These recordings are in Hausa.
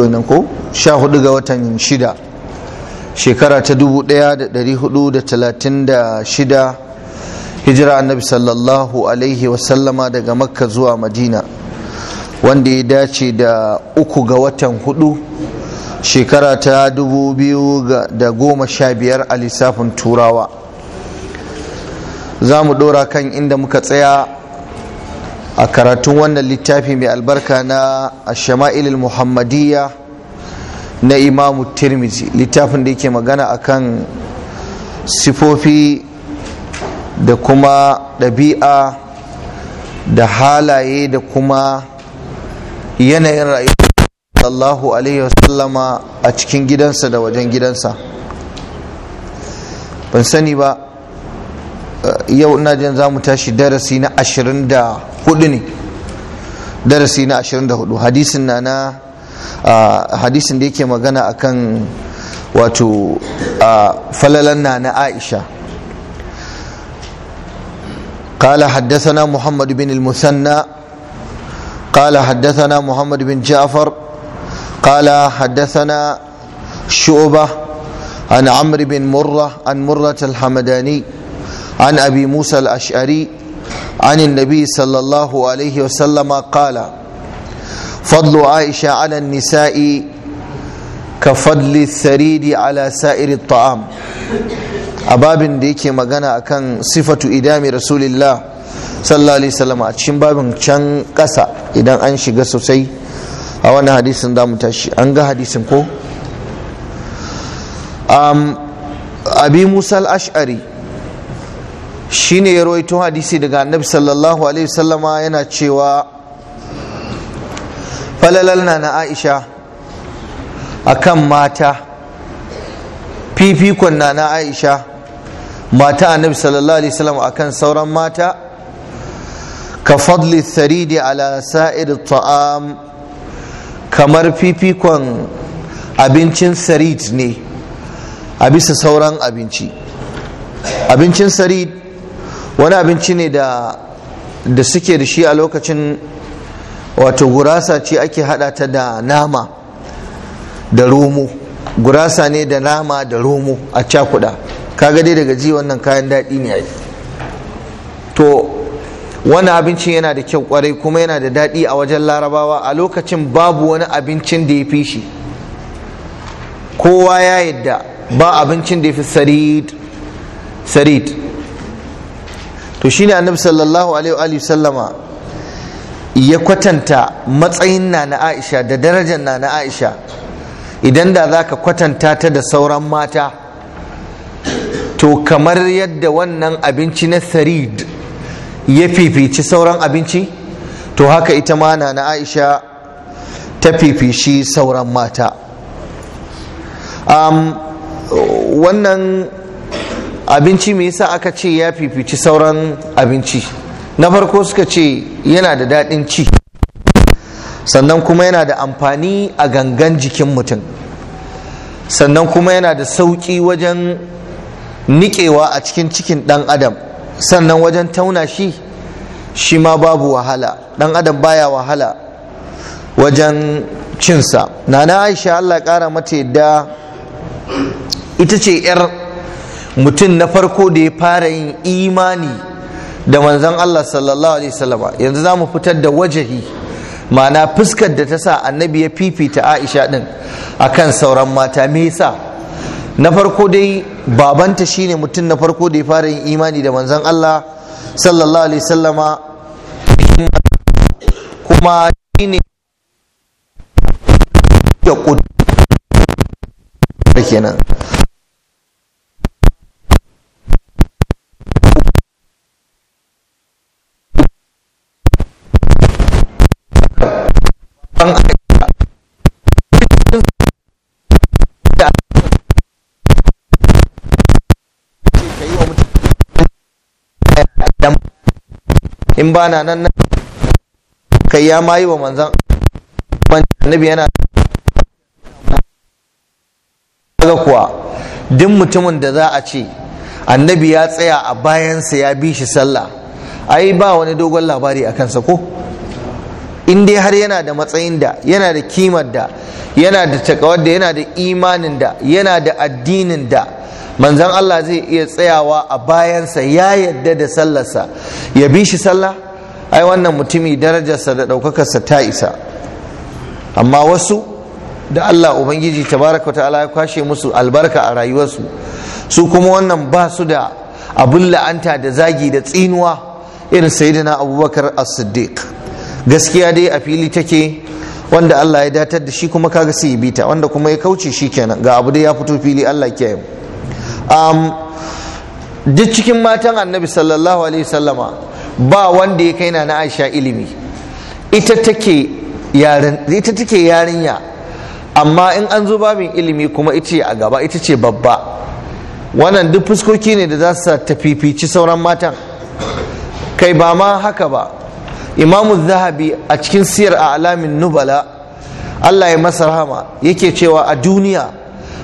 muke ko 14 ga watan shida shekara ta dubu da dari hijira annabi sallallahu alaihi wasallama daga makka zuwa madina wanda ya dace da uku ga watan hudu shekara ta dubu da goma sha biyar a lissafin turawa za mu dora kan inda muka tsaya a karatun wannan littafi mai albarka na shama'il muhammadiyya na imamu tirmizi littafin da yake magana akan sifofi da kuma ɗabi'a da halaye da kuma yanayin rayuwa sallallahu alaihi wasallama a cikin gidansa da wajen gidansa ban sani ba yau ina jin za mu tashi darasi na 24 ne darasi na 24 hadisin na na hadisin da yake magana akan wato falalan na na aisha قال حدثنا محمد بن المثنى قال حدثنا محمد بن جعفر قال حدثنا شعبة عن عمرو بن عن الحمداني عن أبي موسى الأشعري عن النبي صلى الله عليه وسلم قال فضل عائشة على النساء كفضل الثريد على سائر الطعام أباب ديكي مغانا أكان صفة إدام رسول الله صلى الله عليه وسلم أتشين باب كان قسا إدام أنشي قسو سي أولا حديث دام تاشي أنغا حديث كو أبي موسى الأشعري shine ya rawaito hadisi daga annabi sallallahu alaihi wasallama yana cewa falalal na na aisha akan mata fifikon na na aisha mata annabi sallallahu alaihi wasallam akan sauran mata ka fadli tharidi ala sa'ir ta'am kamar fifikon abincin sarid ne a bisa sauran abinci abincin sarid wani abinci ne da da suke da shi a lokacin wato gurasa ce ake hada ta da nama da romo gurasa ne da nama da romo a cakuda kaga dai daga ji wannan kayan daɗi ne ai to wani abincin yana da kyau kwarai kuma yana da daɗi a wajen larabawa a lokacin babu wani abincin da ya fi shi kowa ya yadda ba abincin da ya fi sarid to shine annabi sallallahu alaihi wa sallama ya kwatanta matsayin na na aisha da darajar na na aisha idan da za ka kwatanta ta da sauran mata to kamar yadda wannan abinci na sarid ya fifici sauran abinci to haka ita ma na na aisha ta fifici sauran mata wannan abinci me yasa aka ce ya fifici sauran abinci na farko suka ce yana da daɗin ci sannan kuma yana da amfani a gangan jikin mutum sannan kuma yana da sauƙi wajen niƙewa a cikin cikin ɗan adam sannan wajen tauna shi shi ma babu wahala ɗan adam baya wahala wajen cinsa nana aisha allah ƙara mata yadda ita ce 'yar mutum na farko da ya fara yin imani da manzon Allah sallallahu alaihi wasallama yanzu za mu fitar da wajahi ma'ana fuskar da ta sa annabi ya fifita Aisha din akan sauran mata me yasa na farko dai babanta shine mutum na farko da ya fara yin imani da manzon Allah sallallahu alaihi wasallama kuma shine da kenan in ba na nan kai ya mayi wa manzan annabi yana daga kuwa duk mutumin da za a ce annabi ya tsaya a bayansa ya bi shi sallah ai ba wani dogon labari a kansa ko in dai har yana da matsayin da yana da kimar da yana da takawar da yana da imanin da yana da addinin da manzan Allah zai iya tsayawa a bayansa ya yadda da sallarsa ya bi shi sallah ai wannan mutumi darajarsa da ɗaukakarsa ta isa amma wasu da Allah Ubangiji tabaraka ta'ala ya kwashe musu albarka a rayuwarsu su kuma wannan ba su da abin la'anta da zagi da tsinuwa irin sayidina abubakar as-siddiq gaskiya dai a fili take wanda Allah ya datar da shi kuma kaga sai bi ta wanda kuma ya kauce shi kenan ga abu dai ya fito fili Allah ya um, duk cikin matan annabi sallallahu alaihi sallama ba wanda ya kaina na Aisha ilimi ita take yarin ita yarinya amma in an zo babin ilimi kuma ita a gaba ita ce babba wannan duk fuskoki ne da za su ta fifici sauran matan kai ba ma haka ba imamu zahabi a cikin siyar a alamin nubala allah ya masa rahama yake cewa a duniya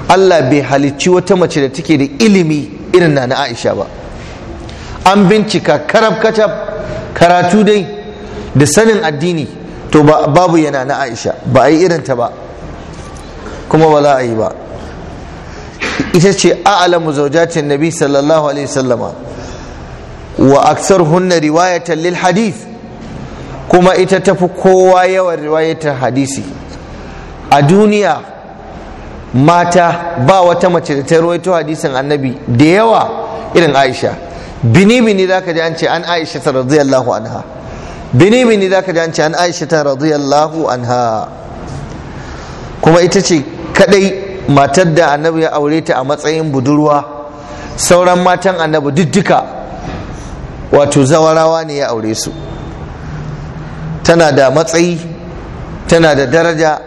allah bai halicci wata mace da take da ilimi irin na aisha ba an bincika karab kacab karatu dai da sanin addini to babu yana na aisha ba a yi irinta ba kuma ba za a yi ba ita ce a'lamu zawjatin nabi sallallahu alaihi wasallama wa aksar hunna riwayatan lil hadith kuma ita tafi kowa yawan riwayatar hadisi a duniya mata ba wata mace da ta rawaito hadisin annabi da yawa irin aisha bini bini za ka ji an ce an aisha ta radiyallahu anha bini bini za ka ji an ce an aisha ta radiyallahu anha kuma ita ce kadai matar da annabi ya aure ta a matsayin budurwa sauran matan annabi duk duka wato zawarawa ne ya aure su tana da matsayi tana da daraja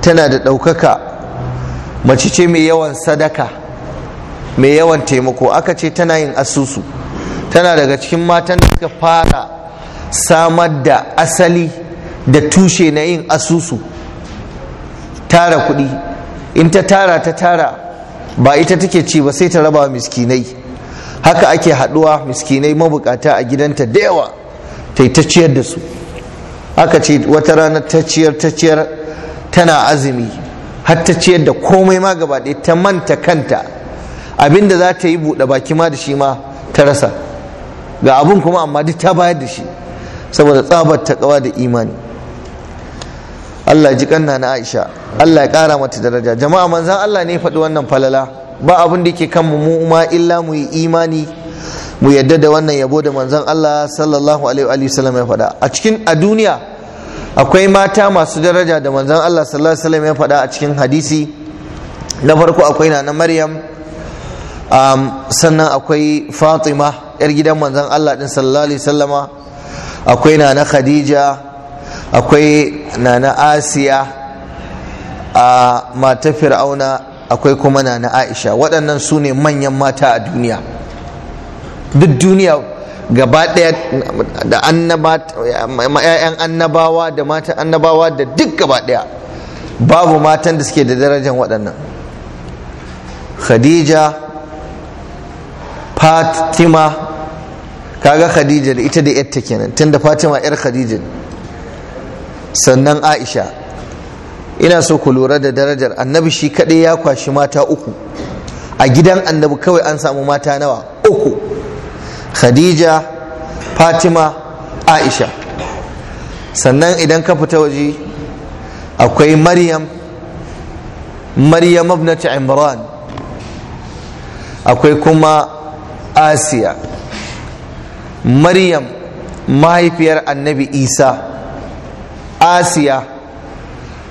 tana da ɗaukaka mace ce mai yawan sadaka mai yawan taimako aka ce tana yin asusu tana daga cikin matan da suka fara samar da asali da tushe na yin asusu tara kuɗi in ta tara ta tara ba ita take ci ba sai ta raba miskinai haka ake haɗuwa miskinai mabukata a gidanta da yawa ta yi ta ciyar da su aka ce wata rana ta ciyar ciyar tana azumi har ta ciyar da komai ma gaba ɗaya ta manta kanta abinda za ta yi buɗe baki ma da shi ma ta rasa ga abun kuma amma duk ta bayar da shi saboda tsabar ta kawa da imani Allah ji kanna na Aisha Allah ya kara mata daraja jama'a manzan Allah ne faɗi wannan falala ba abin da yake kan mu ma illa mu yi imani mu yadda da wannan yabo da manzon Allah sallallahu alaihi sallam) ya faɗa a cikin a duniya akwai mata masu daraja da manzon Allah sallallahu alaihi wasallam ya faɗa a cikin hadisi na farko akwai Nana Maryam um, sannan akwai Fatima yar gidan manzon Allah din sallallahu alaihi wasallama akwai Nana Khadija akwai Nana Asiya a mata Fir'auna akwai kuma Nana Aisha waɗannan su ne manyan mata a duniya duk duniya gaba ɗaya da ‘ya'yan annabawa da matan annabawa da duk gaba ɗaya babu matan da suke da darajar waɗannan khadija fatima kaga khadija da ita da yadda kenan tunda fatima yar khadija sannan aisha ina so ku lura da darajar annabi shi kaɗai ya kwashi mata uku a gidan annabi kawai an samu mata nawa uku khadija fatima aisha sannan idan ka fita waje akwai maryam maryam ibnati imran akwai kuma asiya maryam mahaifiyar annabi isa asiya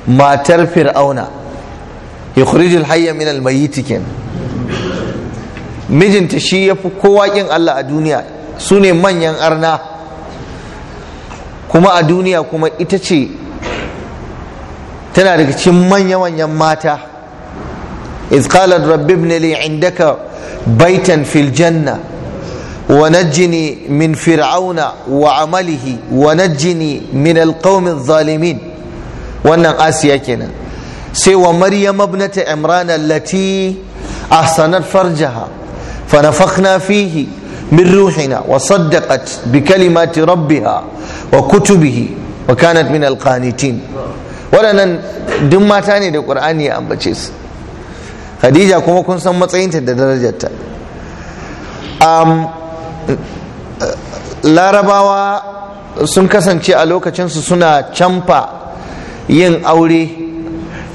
matar fir'auna yukhrijul hayya min al mijinta shi ya fi kowa ƙin Allah a duniya su ne manyan arna kuma a duniya kuma ita ce tana daga cikin manya-manyan mata iz qalat rabbi ibn li indaka baitan Filjanna. janna wa min fir'auna wa amalihi wa jini min alqawmi zalimin wannan asiya kenan sai wa maryam ibnata imran allati ahsanat farjaha فنفخنا فيه من روحنا وصدقت بكلمات ربها وكتبه وكانت من القانتين waɗannan duk mata ne da ƙur'ani ya ambace su khadija kuma kun san matsayinta da darajata. larabawa sun kasance a lokacinsu suna camfa yin aure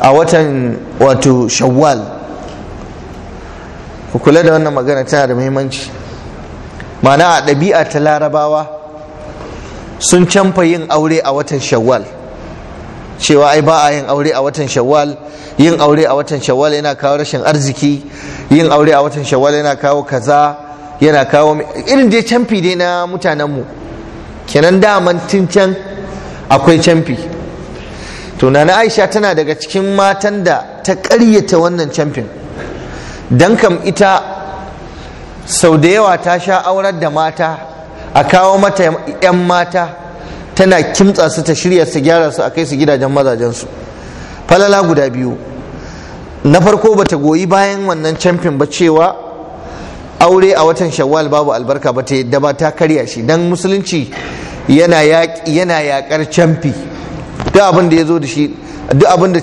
a watan wato shawwal ku kula da wannan magana tana da muhimmanci mana a ɗabi'a ta larabawa sun canfa yin aure a watan shawwal cewa ai ba a yin aure a watan shawwal yin aure a watan shawwal yana kawo rashin arziki yin aure a watan shawwal yana kawo kaza yana kawo irin dai canfi dai na mutanenmu kenan daman tun can akwai canfi to aisha tana daga cikin matan da ta ƙaryata wannan canfin don kam ita sau da yawa ta sha aurar da mata a kawo mata 'yan mata tana kimtsa su ta shirya su gyara su a kai su gidajen mazajensu falala guda biyu na farko ba ta goyi bayan wannan camfin ba cewa aure a watan shawwal babu albarka ba ta yadda ba ta karya shi don musulunci yana yaƙar camfi ta abin ya zo da shi duk abin da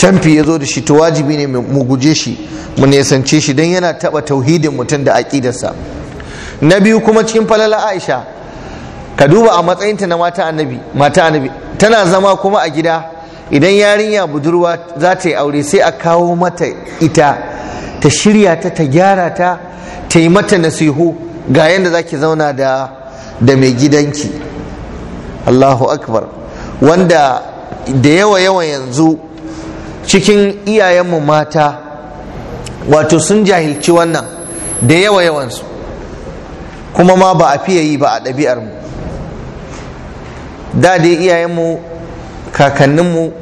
canfi ya zo da shi to wajibi ne mu guje shi mu nesance shi don yana taba tauhidin mutum da aƙidarsa na biyu kuma cikin falala aisha ka duba a matsayinta na mata annabi mata annabi tana zama kuma a gida idan yarinya budurwa za ta yi aure sai a kawo mata ita ta shirya ta ta gyara ta ta yi mata nasihu ga yadda za ki zauna da da mai gidanki Allahu akbar wanda da yawa yawa yanzu cikin iyayenmu mata wato sun jahilci wannan da yawa yawansu kuma ma ba a fiye yi ba a ɗabi'armu da dai iyayenmu kakanninmu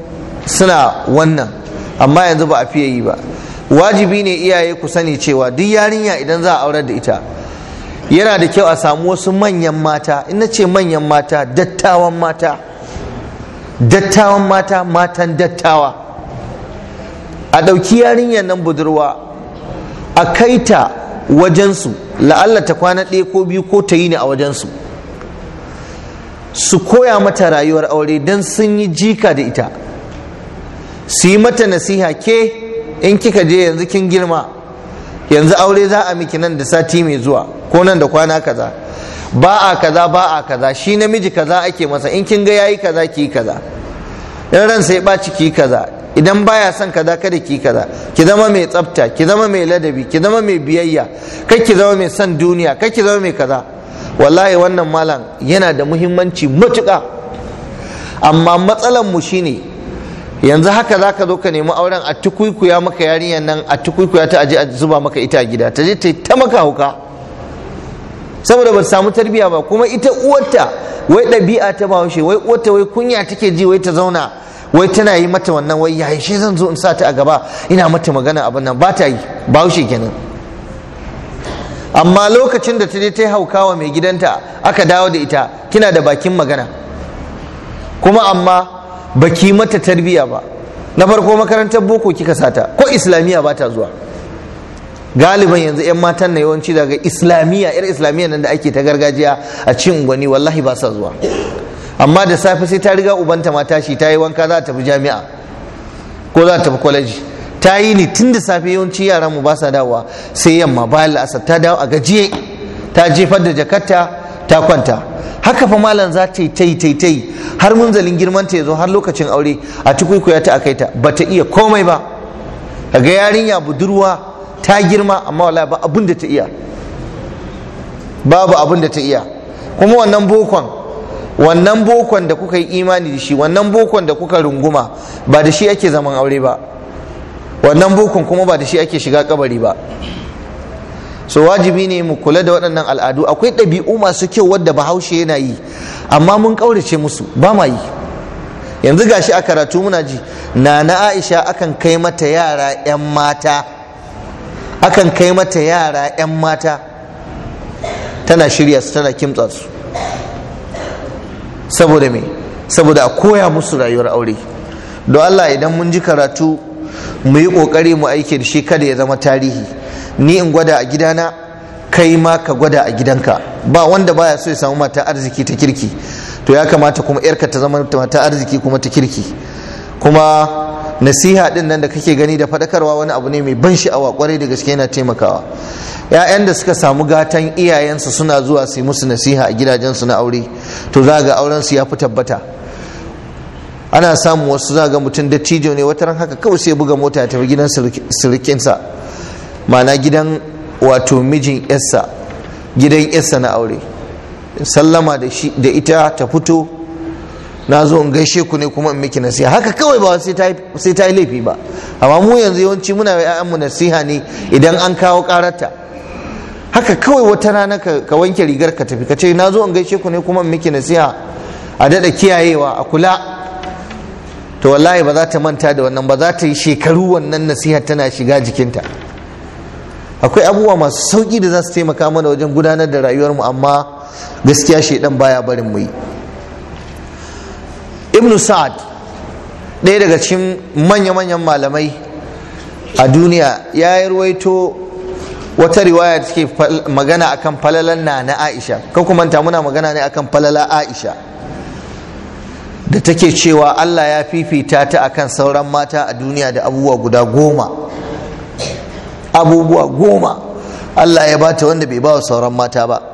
suna wannan amma yanzu ba a fiye yi ba wajibi ne iyaye ku sani cewa duk yarinya idan za a aurar da ita yana da kyau a samu wasu manyan mata in ce manyan mata dattawan mata dattawan mata matan dattawa a ɗauki yarinyar nan budurwa a kai ta wajensu la'alla ta kwana ɗaya ko biyu ko ta yi ne a wajensu su koya mata rayuwar aure don sun yi jika da ita su yi mata nasiha ke in kika je yanzu kin girma yanzu aure za a miki nan da sati mai zuwa ko nan da kwana kaza ba a kaza ba a kaza shi namiji kaza ake masa in kin ga yayi kaza ki kaza in ran sai ba ciki kaza idan baya son kaza kada ki kaza ki zama mai tsafta ki zama mai ladabi ki zama mai biyayya kai ki zama mai son duniya kai ki zama mai kaza wallahi wannan malam yana da muhimmanci matuƙa amma matsalan mu shine yanzu haka za ka zo ka nemi auren a tukuikuya maka yarinyar nan a tukuikuya ta aje a zuba maka ita a gida ta je ta yi ta maka hauka saboda ba samu tarbiya ba kuma ita uwarta wai ɗabi'a ta ba haushe wai uwarta wai kunya take ji wai ta zauna wai tana yi mata wannan wai yayi shi zan zo in sa ta a gaba ina mata magana abin nan ba ta yi bahaushe kenan amma lokacin da ta je ta yi haukawa mai gidanta aka dawo da ita kina da bakin magana kuma amma baki mata tarbiya ba na farko makarantar boko kika sata ko islamiyya ba ta zuwa galiban yanzu 'yan matan na yawanci daga islamiyya 'yar islamiyya nan da ake ta gargajiya a cin gwani wallahi ba sa zuwa amma da safe sai ta riga ubanta mata shi ta yi wanka za ta tafi jami'a ko za ta tafi kwaleji ta yi ni tun da safe yawanci yaran mu ba sa dawowa sai yamma bayan la'asar ta dawo a gajiye ta jefar da jakarta ta kwanta haka fa malam za ta yi ta yi ta yi har munzalin girman ta ya zo har lokacin aure a tukuikuya ta akai ta ba ta iya komai ba A ga yarinya budurwa ta girma amma wala ba abin da ta iya babu abin da ta iya kuma wannan bokon wannan bokon da kuka yi imani da shi wannan bokon da kuka runguma ba da shi ake zaman aure ba wannan bokon kuma ba da shi ake shiga kabari ba so wajibi ne mu kula da waɗannan al'adu akwai ɗabi'u masu kyau wadda bahaushe yana yi amma mun ƙaurace musu ba ma yi yanzu gashi a karatu muna ji na na aisha akan kai mata yara 'yan mata akan kai mata yara 'yan mata tana shirya su tana kimtsa su saboda me saboda a koya musu rayuwar aure don Allah idan mun ji karatu mu yi kokari mu aiki da shi kada ya zama tarihi ni in gwada a gidana kai ma ka gwada a gidanka ba wanda baya so ya samu mata arziki ta kirki to ya kamata kuma yarka ta zama mata arziki kuma ta kirki kuma nasiha din nan da kake gani da fadakarwa wani abu ne mai ban sha'awa kwarai da gaske yana taimakawa Ya'yan da suka samu gatan iyayensu suna zuwa su yi musu nasiha a gidajensu na aure to za ga auren su ya fi tabbata ana samu wasu za ga mutum dattijo ne wata ran haka kawai sai buga mota ya tafi gidan sirikinsa ma'ana gidan wato mijin yarsa gidan yarsa na aure sallama da ita ta fito na zo in gaishe ku ne kuma in miki nasiha haka kawai ba sai ta yi laifi ba amma mu yanzu yawanci muna wa mu nasiha ne idan an kawo karata haka kawai wata rana ka wanke rigar ka tafi ka ce na zo in gaishe ku ne kuma in miki nasiha a daɗa kiyayewa a kula to wallahi ba za ta manta da wannan ba za ta yi shekaru wannan nasiha tana shiga jikinta akwai abubuwa masu sauki da za su taimaka mana wajen gudanar da rayuwar mu amma gaskiya shaidan baya barin mu yi ibnu sa'ad ɗaya daga cikin manya-manyan malamai a duniya ya yi ruwaito wata riwaya da take magana akan falalan na na aisha kan kuma ta muna magana ne akan falala aisha da take cewa allah ya fifita ta akan sauran mata a duniya da abubuwa guda goma abubuwa goma allah ya bata wanda bai ba wa sauran mata ba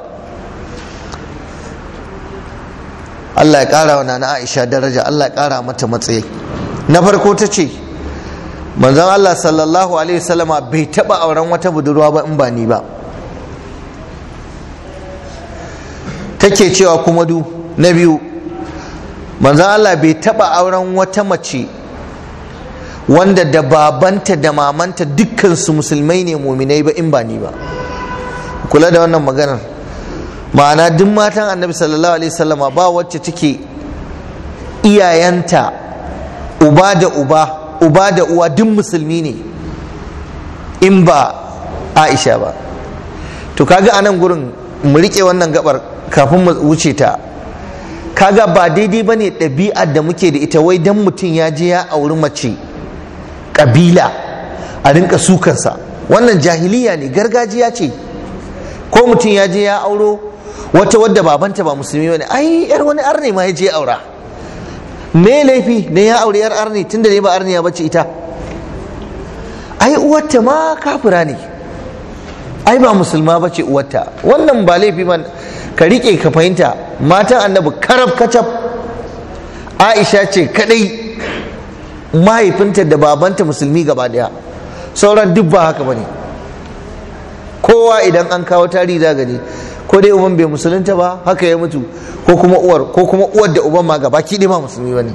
Allah ya kara wa nana Aisha daraja Allah ya kara mata matsayi na farko ta ce manzon Allah sallallahu alaihi wasallama bai taba auren wata budurwa ba in ba ni ba take cewa kuma du na biyu manzon Allah bai taba auren wata mace wanda da babanta da mamanta dukkansu musulmai ne muminai ba in ba ni ba kula da wannan maganar ma'ana duk matan annabi sallallahu alaihi wasallama ba wacce take iyayenta uba da uba uba da uwa duk musulmi ne in ba aisha ba to kaga anan gurin mu riƙe wannan gabar kafin mu wuce ta kaga ba daidai ba ne ɗabi'ar da muke da ita wai dan mutum ya je ya auri mace ƙabila a rinka sukarsa wannan jahiliya ne gargajiya ce ko mutum ya je ya auro wata wadda babanta ba musulmi bane ai yar wani arni ma ya aura me laifi ne ya aure yar arni tunda ne ba arniya bace ita ai uwarta ma kafira ne ai ba musulma bace uwarta wannan ba laifi man ka rike ka fahimta matan annabi karab kacab aisha ce kadai mahaifinta da babanta musulmi gaba daya sauran duk ba haka bane kowa idan an kawo tarihi za gani ko dai uban bai musulunta ba haka ya mutu ko kuma uwar ko kuma uwar da uban ma gaba ki ma musulmi bane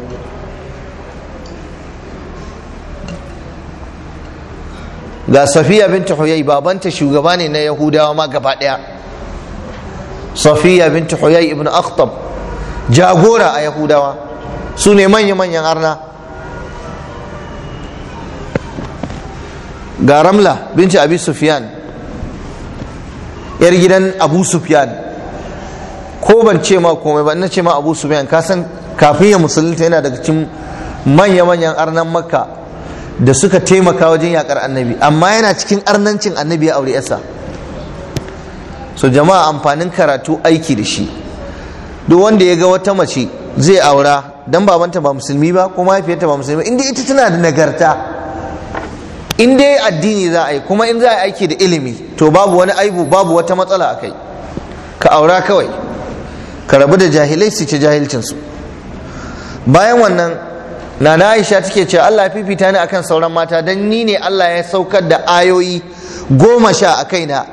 ga safiya binta huyai babanta shugaba ne na yahudawa ma gaba daya safiya binta huyai ibn akhtab jagora a yahudawa su ne manya-manyan arna ga ramla binta abi sufyan yar gidan abu sufyan ko ban ce ma komai ba na ce ma abu sufyan ka san kafin ya musulunta yana daga cikin manya-manyan arnan makka da suka taimaka wajen yakar annabi amma yana cikin arnancin annabi ya aure yasa so jama'a amfanin karatu aiki da shi duk wanda ya ga wata mace zai aura dan babanta ba musulmi ba ko mahaifiyarta ba musulmi inda ita tana da nagarta in dai addini za a yi kuma in za a yi aiki da ilimi to babu wani aibu babu wata matsala a kai ka aura kawai ka rabu da jahilai su ce jahilcinsu bayan wannan nana aisha take ce allah fifita ni akan sauran mata don ni ne allah ya saukar da ayoyi goma sha a kaina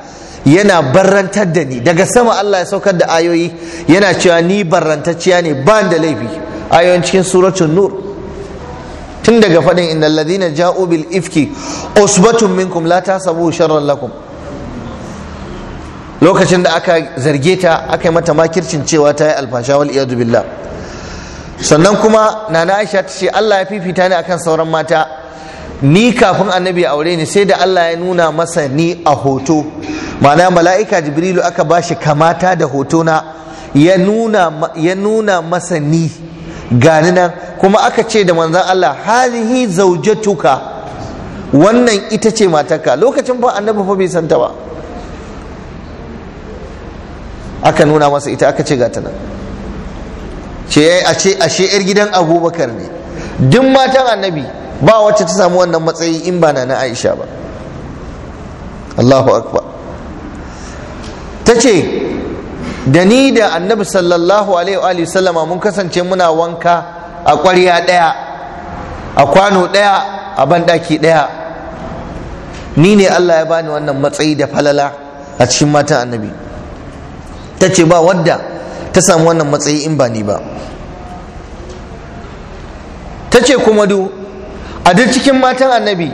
yana barrantar da ni daga sama allah ya saukar da ayoyi yana cewa ni barrantacciya ne ban da laifi ayoyin cikin suratun nur tun daga faɗin inda ladina ja'u bil ifki usbatun minkum la tasabu sharran lakum lokacin da aka zarge ta aka yi mata makircin cewa ta yi alfasha wal iyadu billah sannan kuma nana Aisha ta ce Allah ya fifita ni akan sauran mata ni kafin annabi aure ni sai da Allah ya nuna masa ni a hoto ma'ana mala'ika jibrilu aka bashi kamata da hotona ya nuna masa ni gani nan kuma aka ce da manzan Allah hazihi zaujatuka wannan ita ce matarka lokacin ba annabi fa bai santa ba aka nuna masa ita aka ce gata nan ce yayi ashe ashe yar gidan Abubakar ne duk matan annabi ba wacce ta samu wannan matsayi in ba na Aisha ba Allahu akbar ce. da ni da annabi sallallahu alaihi sallama mun kasance muna wanka a ƙwarya ɗaya a kwano ɗaya a banɗaki ɗaya ni ne Allah ya bani wannan matsayi da falala a cikin matan annabi ta ce ba wadda ta samu wannan matsayi in ba ni ba ta ce kuma du a duk cikin matan annabi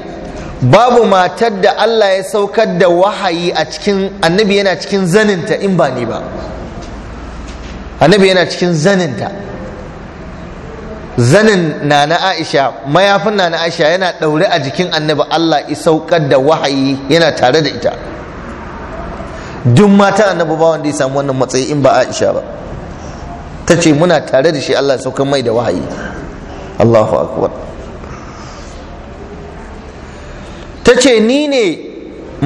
babu matar da Allah ya saukar da wahayi a cikin annabi yana cikin zaninta in ba ni ba annabi yana cikin zaninta zanin na na aisha mayafin na na aisha yana ɗaure a jikin annabi allah isaukar da wahayi yana tare da ita duk mata annabi ba wanda ya samu wannan matsayi in ba aisha ba ta ce muna tare da shi allah saukar mai da wahayi allahu akbar ta ce ni ne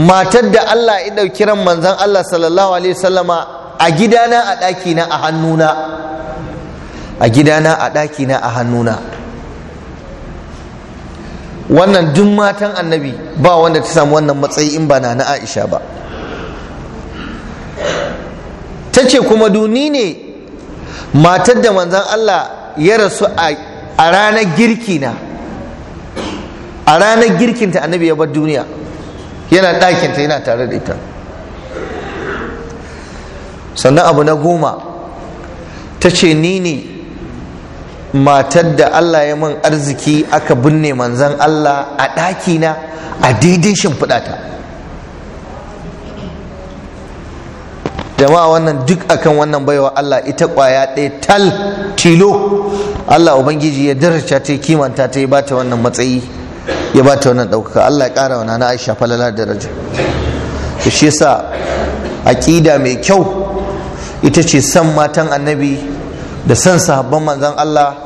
matar da allah ya ɗauki ran manzan allah sallallahu alaihi wasallama a gidana a ɗakina a hannuna a gidana a ɗakina a hannuna wannan duk matan annabi ba wanda ta samu wannan matsayi in ba na na aisha ba ta ce kuma duni ne matar da manzan allah ya rasu a ranar girki na a ranar girkinta annabi ya bar duniya yana ɗakinta yana tare da ita sannan abu na goma ta ce ni ne matar da Allah ya man arziki aka binne manzan Allah a ɗakina a daidai shimfiɗata jama'a wannan duk akan wannan baiwa Allah ita ƙwaya ɗaya tal tilo Allah ubangiji ya daraja ta kimanta ta yi ba ta wannan matsayi ya ba ta wannan ɗaukaka Allah ya ƙara wa na Aisha falala daraja shi yasa aƙida mai kyau ita ce san matan annabi da san sahabban manzon Allah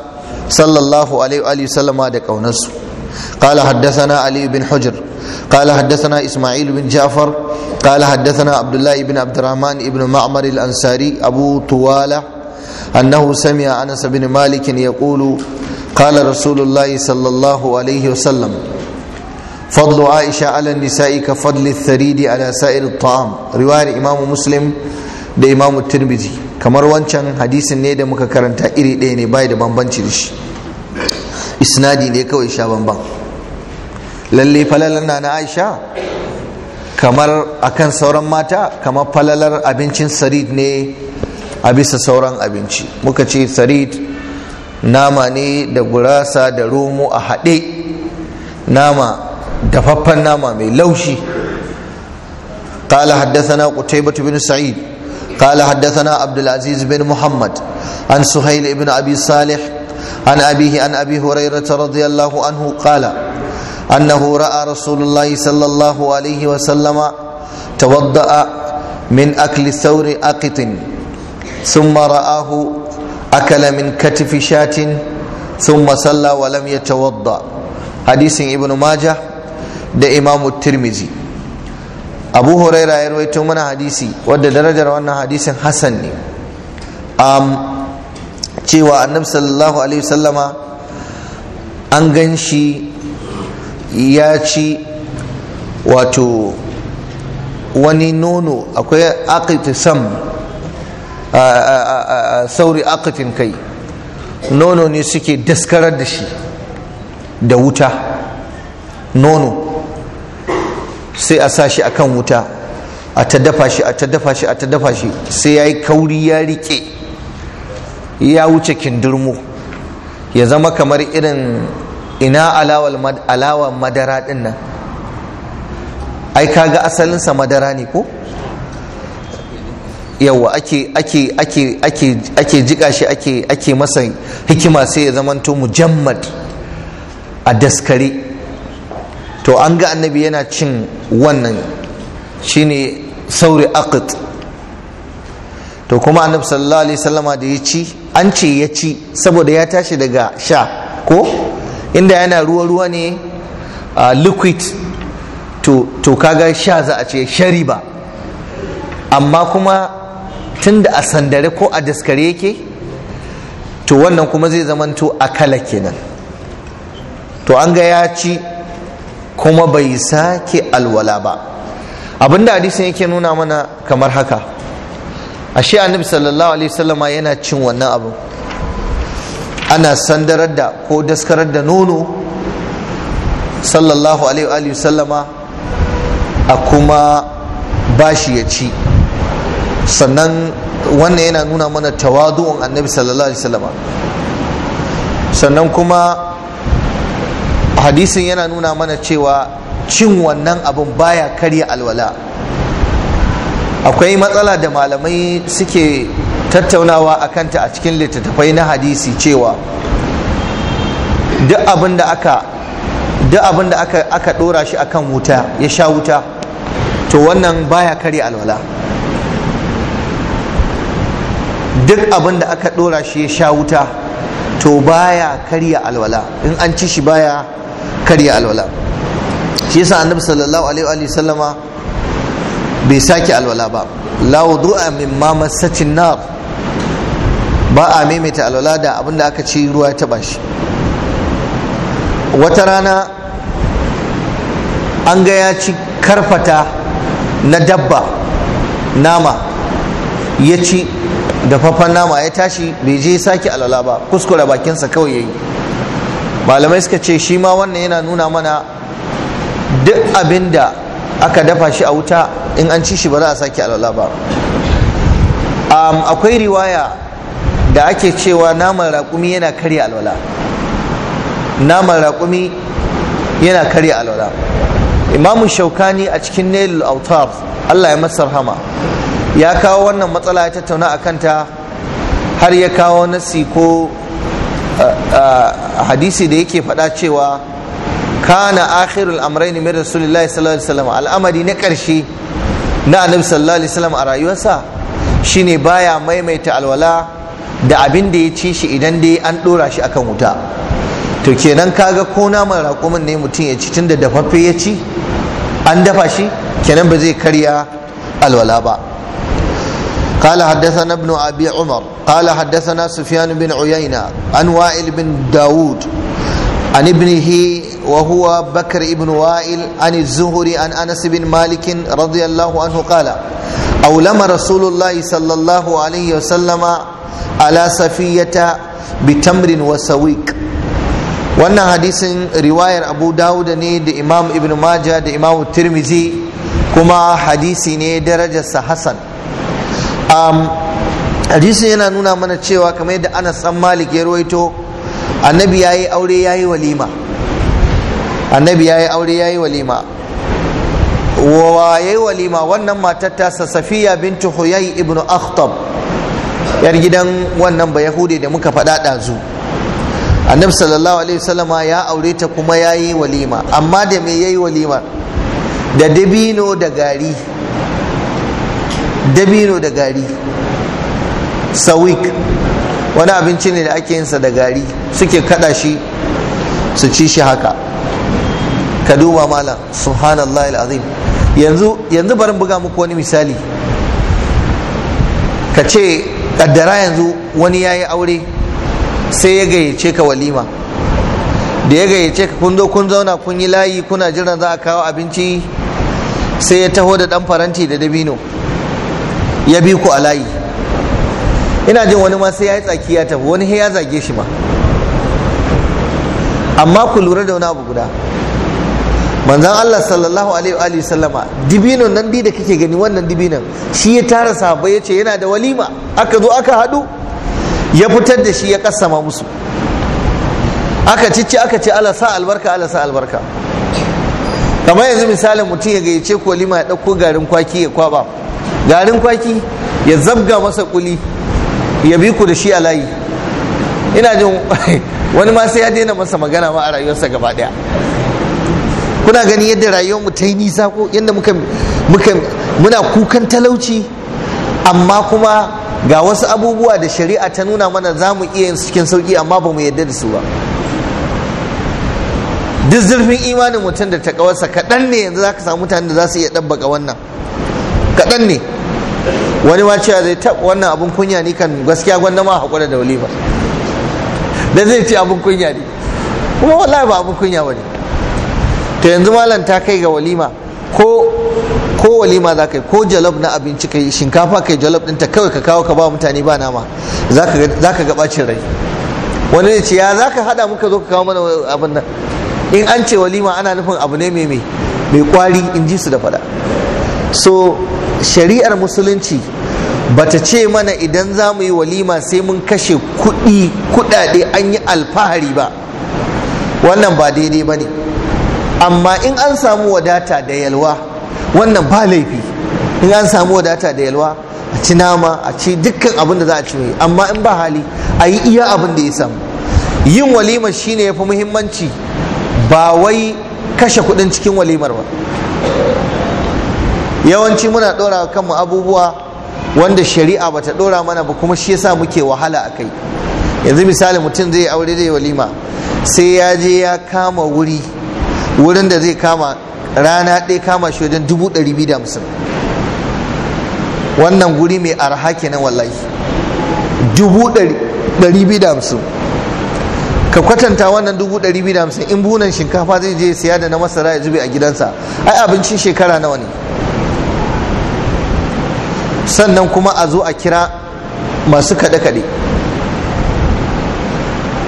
sallallahu alaihi wa sallama da ƙaunarsu قال حدثنا علي بن حجر قال حدثنا إسماعيل بن جعفر قال حدثنا عبد الله بن عبد الرحمن بن معمر الأنصاري أبو طوالة أنه سمع أنس بن مالك يقول قال رسول الله صلى الله عليه وسلم فضل عائشة على النساء كفضل الثريد على سائر الطعام رواية الإمام مسلم da imamu tirmizi kamar wancan hadisin ne da muka karanta iri ɗaya ne bai da bambanci da shi isnadi ne kawai sha bamban lalle falalar na na aisha kamar akan sauran mata kamar falalar abincin sarid ne a bisa sauran abinci muka ce sarid nama ne da gurasa da romo a haɗe nama dafaffen nama mai laushi قال حدثنا قتيبة بن sa'id? قال حدثنا عبد العزيز بن محمد عن سهيل بن أبي صالح عن أبيه عن أبي هريرة رضي الله عنه قال أنه رأى رسول الله صلى الله عليه وسلم توضأ من أكل ثور أقط ثم رآه أكل من كتف شاة ثم صلى ولم يتوضأ حديث ابن ماجه ده إمام الترمذي abu huraira ya rawaito mana hadisi wadda darajar wannan hadisin hassan ne cewa annabi sallallahu alaihi wasallama an gan shi ya ci wato wani nono akwai a sauri aqitin kai nono ne suke daskarar da shi da wuta nono sai a sa shi kan wuta a ta dafa shi a ta dafa shi a ta dafa shi sai ya yi kauri ya rike ya wuce kindirmo ya zama kamar irin ina alawa madara din nan ai ga asalinsa madara ne ko yawa ake ake ake ake ake jika shi ake ake masa hikima sai ya zamanto mujammad a daskare to an ga annabi yana cin wannan shine sauri aqt to kuma annabi sallallahu alaihi wasallama da ya ci an ce ya ci saboda ya tashi daga sha ko inda yana ruwa ruwa ne liquid to to kaga sha za a ce shariba amma kuma tun da a sandare ko a daskare yake to wannan kuma zai zamanto a kala kenan to an ga ya ci kuma bai sake alwala ba abinda hadisin yake nuna mana kamar haka ashe annabi sallallahu alaihi wasallama yana cin wannan abu ana sandarar da ko daskarar da nono sallallahu alaihi wasallama a kuma bashi ya ci sannan wannan yana nuna mana tawadu'un annabi sallallahu alaihi wasallama sannan kuma hadisin yana nuna mana cewa cin wannan abin baya karya alwala akwai matsala da malamai suke tattaunawa a kanta a cikin littattafai na hadisi cewa duk abin da aka duk abin da aka dora shi akan wuta ya sha wuta to wannan baya kare alwala duk abin da aka dora shi ya sha wuta to baya karya alwala in an ci shi baya karya alwala shi yasa annabi sallallahu alaihi wa sallama bai sake alwala ba la wudu'a ma masatin nar ba a maimaita alwala da da aka ci ruwa ya taba shi wata rana an ga ya ci karfata na dabba nama ya ci da nama ya tashi bai je sake alwala ba kuskura bakinsa kawai ya yi malamai suka ce shi ma wannan yana nuna mana duk abin da aka dafa shi a wuta in an ci shi ba za a sake alwala ba um, akwai riwaya da ake cewa naman raƙumi yana karya alwala naman raƙumi yana karya alwala imamu shaukani a cikin nail autar allah ya masar hama, ya kawo wannan matsala ya tattauna a kanta har ya kawo nasi ko uh, uh, a hadisi da yake faɗa cewa kana akhirul amrayn min rasulillahi sallallahu alaihi wasallam al'amari na ƙarshe na annabi sallallahu alaihi wasallam a rayuwarsa shine baya maimaita alwala da abin da ya ci shi idan dai an ɗora shi akan wuta to kenan kaga ko naman raƙumin ne mutum ya ci tun da dafaffe ya ci an dafa shi kenan ba zai karya alwala ba قال حدثنا ابن أبي عمر قال حدثنا سفيان بن عيينة عن وائل بن داود عن ابنه وهو بكر بن وائل عن الزهري عن أنس بن مالك رضي الله عنه قال أولم رسول الله صلى الله عليه وسلم على سفية بتمر وسويق wannan hadisin riwayar abu dawud ne da imam ibn majah da imam tirmizi kuma hadisi ne darajarsa hasan hadisin yana nuna mana cewa kamar yadda ana san malik ya ruwaito annabi ya yi aure ya yi walima annabi ya yi aure ya yi walima wa ya yi walima wannan matar ta safiya bintu huyai ibnu akhtab yar gidan wannan ba yahudi da muka faɗa ɗazu annabi sallallahu alaihi wasallama ya aure ta kuma ya yi walima amma da me ya yi walima da dabino da gari dabino da gari sawik wani abinci ne da ake yinsa da gari suke kada shi su ci shi haka ka duba malam subhanallah al'azim yanzu barin buga muku wani misali ka ce kaddara yanzu wani ya yi aure sai ya gayyace ka walima da ya gayyace ka kun zo kun zauna kun yi layi kuna jiran za a kawo abinci sai ya taho da dan faranti da dabino ya bi ku a layi ina jin wani ma sai ya yi tsaki ya tafi wani ya zage shi ma amma ku lura da wani abu guda manzan Allah sallallahu alaihi wa sallama dibinon nan bi da kake gani wannan dibinon shi ya tara sahabbai ya ce yana da walima aka zo aka hadu ya fitar da shi ya kassama musu aka cici aka ce ala sa albarka ala sa albarka kamar yanzu misalin mutum ya gayyace ku walima ya ɗauko garin kwaki ya kwaba garin kwaki ya zabga masa kuli ya bi ku da shi a layi ina jin wani ma sai ya daina masa magana ma a rayuwarsa gaba daya kuna gani yadda rayuwarmu ta yi nisa ko yadda muka muna kukan talauci amma kuma ga wasu abubuwa da shari'a ta nuna mana za mu iya yin cikin sauki amma ba mu yarda da su ba duk zurfin imanin mutum da ta kawarsa kaɗan ne yanzu za ka samu mutane da za su iya ɗabbaka wannan kaɗan ne wani ma cewa zai tab wannan abun kunya ne kan gaskiya gwanda ma hakura da walima da zai ce abun kunya ne kuma wallahi ba abun kunya bane to yanzu malam ta kai ga walima ko ko walima za ka yi ko jalof na abinci ka yi shinkafa ka yi jalof ta kawai ka kawo ka ba mutane ba nama za ka ga ɓacin rai wani ne ce ya za ka haɗa muka zo ka kawo mana abin nan in an ce walima ana nufin abu ne mai mai kwari in ji su da faɗa so shari'ar musulunci bata ce mana idan za mu yi walima sai mun kashe kuɗi kuɗaɗe an yi alfahari ba wannan ba daidai ba ne amma in an samu wadata da yalwa wannan ba laifi in an samu wadata da yalwa a ci nama a ci dukkan abin da za a ci amma in ba hali a yi iya abin da ya samu yin walima shine fi muhimmanci ba wai kashe kuɗin cikin walimar ba yawanci muna ɗora kanmu abubuwa wanda shari'a bata ɗora mana ba kuma shi yasa muke wahala a kai yanzu misali mutum zai aure zai walima sai ya je ya kama wuri wurin da zai kama rana ɗaya kama shi wajen dubu ɗari biyu da hamsin wannan guri mai arha kenan wallahi dubu ɗari biyu da hamsin ka kwatanta wannan dubu ɗari biyu da hamsin in bunan shinkafa zai je siya da na masara ya zube a gidansa ai abincin shekara nawa ne sannan kuma a zo a kira masu kaɗe-kaɗe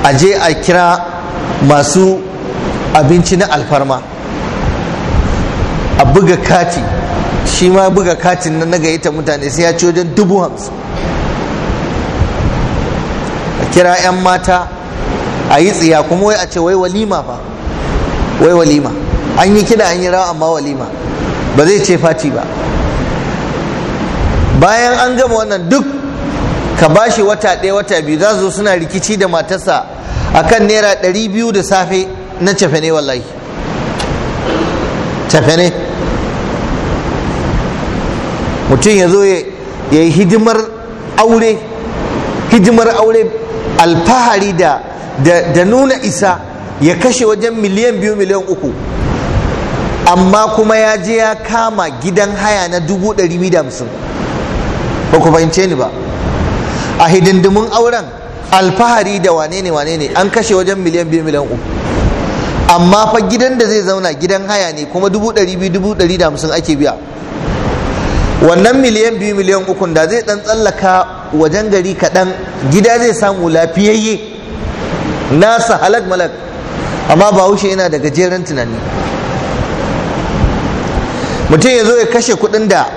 a je a kira masu abinci na alfarma a buga kati shi ma buga katin na gayyata mutane sai ya ci wajen dubu hamsin a kira 'yan mata a yi tsiya kuma wai a ce wai walima fa wai walima an yi kida an yi rawa amma walima ba zai ce fati ba bayan an gama wannan duk ka bashi wata ɗaya wata biyu za su suna rikici da matarsa akan naira ɗari biyu da safe na cefane wallahi cefane mutum ya zo ya yi hidimar aure hidimar aure alfahari da da nuna isa ya kashe wajen miliyan biyu miliyan uku amma kuma ya je ya kama gidan haya na dubu ɗari biyu da hamsin ba ku fahimce ni ba a hidindimin auren alfahari da wane ne wane ne an kashe wajen miliyan biyu miliyan uku amma fa gidan da zai zauna gidan haya ne kuma dubu ɗari biyu dubu ɗari da hamsin ake biya wannan miliyan biyu miliyan ukun da zai ɗan tsallaka wajen gari kaɗan gida zai samu lafiyayye nasa halak malak amma bahaushe yana da gajeren tunani mutum ya zo ya kashe kuɗin da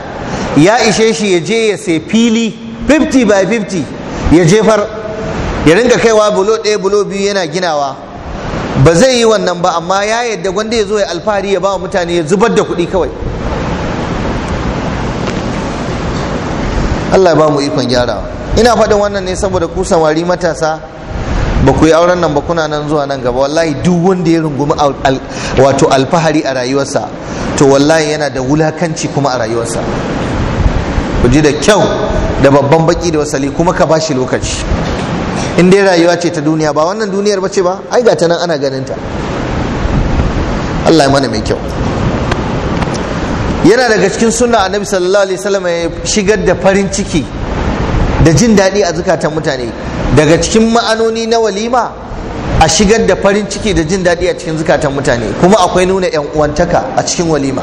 ya ishe shi ya je ya sai fili 50 by 50 ya jefar ya ringa kaiwa bulo ɗaya bulo biyu yana ginawa ba zai yi wannan ba amma ya yadda gwanda ya zo ya alfahari ya ba mutane ya zubar da kuɗi kawai Allah ya ba mu ikon gyara ina faɗin wannan ne saboda ku samari matasa ba ku yi auren nan ba kuna nan zuwa nan gaba wallahi duk wanda ya rungumi wato alfahari a rayuwarsa to wallahi yana da wulakanci kuma a rayuwarsa ku ji da kyau da babban baki da wasali kuma ka bashi lokaci in dai rayuwa ce ta duniya ba wannan duniyar bace ba ai ga ta nan ana ganin ta Allah ya mana mai kyau yana daga cikin sunna annabi sallallahu alaihi wasallam ya shigar da farin ciki da jin daɗi a zukatan mutane daga cikin ma'anoni na walima a shigar da farin ciki da jin daɗi a cikin zukatan mutane kuma akwai nuna yan uwantaka a cikin walima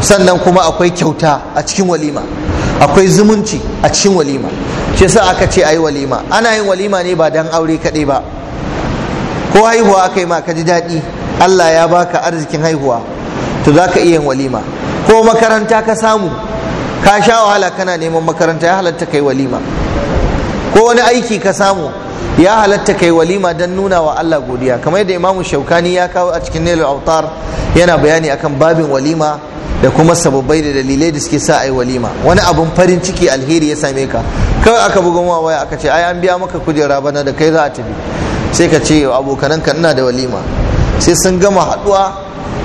sannan kuma akwai kyauta a cikin walima akwai zumunci a cikin walima shi sa aka ce ayi walima ana yin walima ne ba dan aure kaɗai ba ko haihuwa aka yi ma ka ji daɗi Allah ya baka arzikin haihuwa to za ka iya yin walima ko makaranta ka samu ka sha wahala kana neman makaranta ya halatta kai walima ko wani aiki ka samu ya halatta kai walima don nuna wa Allah godiya kamar yadda imamu shaukani ya kawo a cikin nailul autar yana bayani akan babin walima da kuma sababbai da dalilai da suke sa a yi walima wani abun farin ciki alheri ya same ka kawai aka buga waya aka ce ai an biya maka kujera bana da kai za a tafi sai ka ce abokanan ka ina da walima sai sun gama haduwa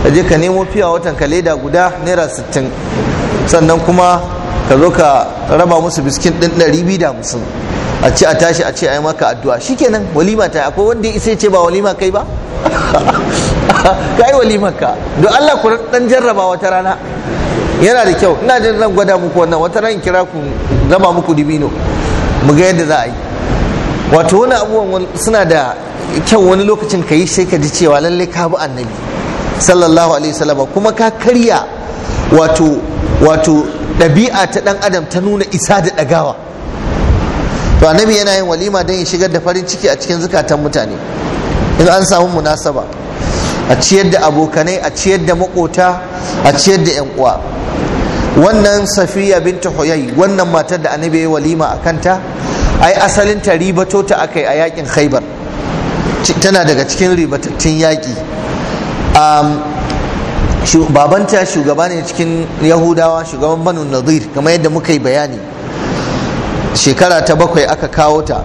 ka je ka nemo fiya watan ka leda guda naira sittin sannan kuma ka zo ka raba musu biskin ɗin ɗari biyu da hamsin a ce a tashi a ce a yi maka addu'a shikenan walima ta akwai wanda ya isa ya ce ba walima kai ba ka yi walimarka don Allah ku dan jarraba wata rana yana da kyau ina jin zan gwada muku wannan wata ran kira ku zama muku dibino mu ga yadda za a yi wato wani abubuwan suna da kyau wani lokacin ka yi sai ka ji cewa lallai ka bi annabi sallallahu alaihi wasallam kuma ka karya wato wato ɗabi'a ta ɗan adam ta nuna isa da ɗagawa to annabi yana yin walima don ya shigar da farin ciki a cikin zukatan mutane in an samu munasaba a ciyar da abokanai a ciyar da makota a ciyar da yan uwa wannan safiya binta huyai wannan matar da annabi ya walima a kanta ai asalin ta ribato ta akai a yakin khaibar tana daga cikin ribatattun yaƙi babanta shugaba ne cikin yahudawa shugaban banu nadir kamar yadda muka yi bayani shekara ta bakwai aka kawo ta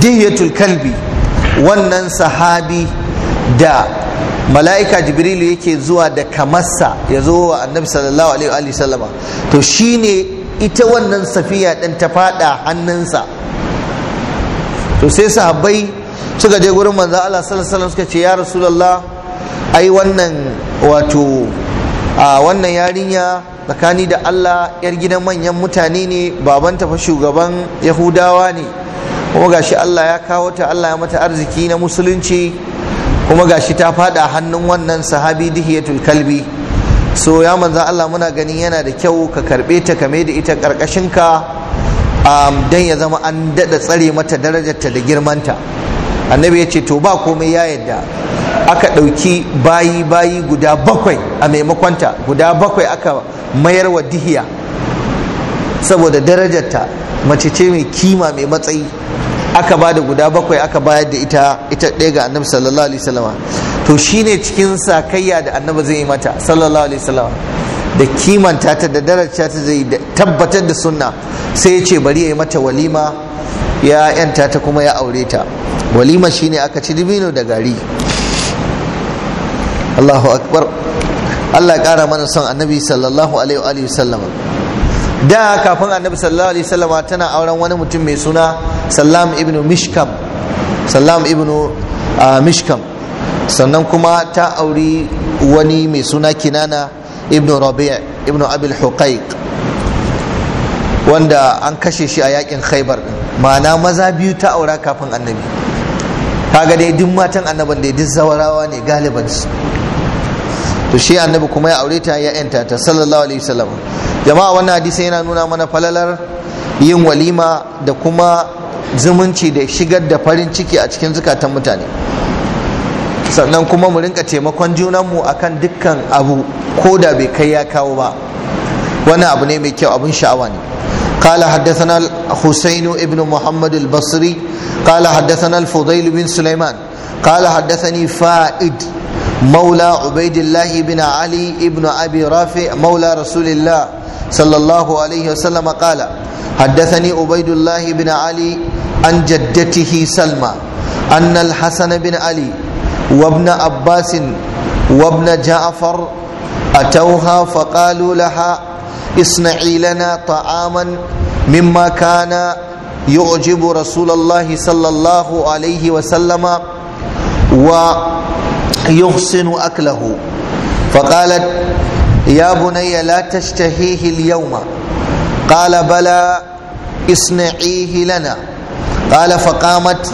diyatul kalbi wannan sahabi da mala'ika jibrilu yake zuwa da kamarsa ya zo wa annabi sallallahu alaihi wa sallama to shine ita wannan safiya ɗin ta faɗa hannunsa to sai sahabbai suka je gurin manzo Allah sallallahu alaihi suka ce ya rasulullah ai wannan wato a wannan yarinya tsakani da Allah yar gidan manyan mutane ne babanta fa shugaban yahudawa ne kuma gashi Allah ya kawo ta Allah ya mata arziki na musulunci kuma gashi ta fada hannun wannan sahabi dihiyatul kalbi so ya manzan Allah muna gani yana da kyau ka karbe ta kame da ita karkashin ka um, dan ya zama an dada tsare mata darajarta da girmanta annabi ya ce to ba komai ya yadda aka ɗauki bayi bayi guda bakwai a maimakonta guda bakwai aka mayar wa dihiya saboda darajarta mace ce mai kima mai matsayi aka ba da guda bakwai aka bayar da ita ita ɗaya ga annabi sallallahu alaihi wasallam to shine cikin sakayya da annabi zai yi mata sallallahu alaihi wasallam da kimanta ta da daraja ta zai tabbatar da sunna sai ya ce bari ya yi mata walima ya yanta ta kuma ya aure ta walima shine aka ci dibino da gari Allahu akbar Allah ya kara mana son annabi sallallahu alaihi wasallam da kafin annabi sallallahu alaihi wasallama tana auren wani mutum mai suna sallam ibnu mishkam sallam ibnu ah, mishkam sannan kuma ta auri wani mai suna kinana ibnu rabi' ibnu abil huqaiq wanda an kashe shi a yakin khaibar ma'ana maza biyu ta aura kafin annabi kaga dai duk matan annaban dai duk zawarawa ne galiban to shi annabi kuma ya aure ta ya yanta ta sallallahu alaihi wasallam jama'a wannan hadisi yana nuna mana falalar yin walima da kuma zumunci da shigar da farin ciki a cikin zukatan mutane sannan kuma mu rinka taimakon junanmu akan dukkan abu ko da bai kai ya kawo ba wannan abu ne mai kyau abin sha'awa ne قال حدثنا الحسين ابن محمد البصري قال حدثنا الفضيل بن سليمان قال حدثني فائد مولى عبيد الله بن علي بن أبي رافع مولى رسول الله صلى الله عليه وسلم قال حدثني عبيد الله بن علي عن جدته سلمى أن الحسن بن علي وابن عباس وابن جعفر أتوها فقالوا لها اصنعي لنا طعاما مما كان يعجب رسول الله صلى الله عليه وسلم و يحسن أكله فقالت يا بني لا تشتهيه اليوم قال بلى اصنعيه لنا قال فقامت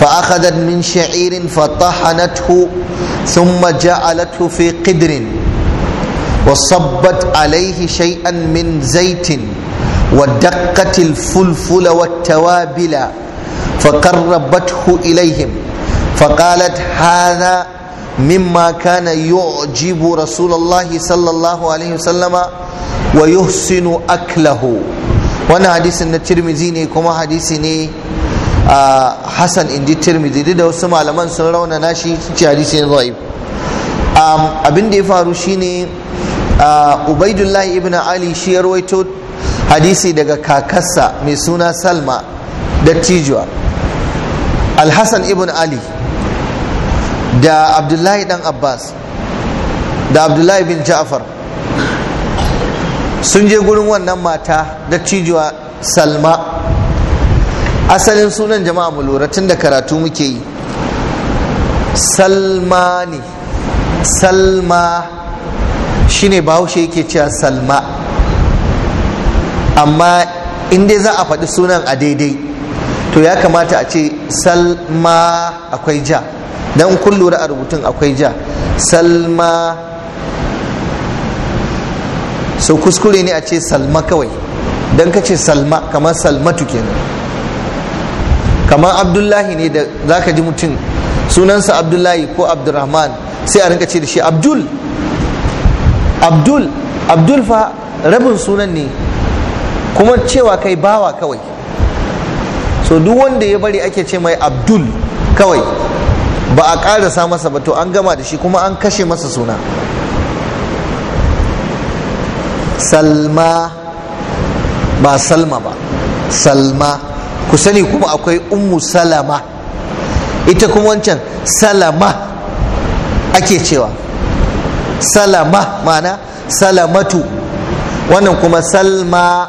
فأخذت من شعير فطحنته ثم جعلته في قدر وصبت عليه شيئا من زيت ودقت الفلفل والتوابل فقربته إليهم فقالت هذا مما كان يعجب رسول الله صلى الله عليه وسلم ويحسن أكله وانا حديث الترمذي ne kuma hadisi ne Hassan inji Tirmidhi duk da wasu malaman sun rauna nashi ci hadisi ne dhaif abin da ya faru shine Ubaidullah ibn Ali shi ya rawaito hadisi daga kakarsa mai suna Salma dattijuwa Al-Hassan ibn Ali da abdullahi dan abbas da abdullahi bin ja'far sun je gurin wannan mata da cijuwa salma asalin sunan jama'a mu lura tun da karatu muke yi salma ne salma shine bahaushe yake cewa salma amma in dai za a faɗi sunan a daidai to ya kamata a ce salma akwai ja dan kun lura a rubutun akwai ja salma so kuskure ne a ce salma kawai dan ka ce salma kamar salmatu kenan kamar abdullahi ne da zaka ji mutum sunansa abdullahi ko abdurrahman sai a rinka ce da shi abdul abdul abdul fa rabin sunan ne kuma cewa kai bawa kawai so duk wanda ya bari ake ce mai abdul kawai ba a ƙarasa masa ba to an gama da shi kuma an kashe masa suna salma ba salma ba salma ku sani kuma akwai ummu salama ita kuma wancan salama ake cewa salama mana salamatu wannan kuma salma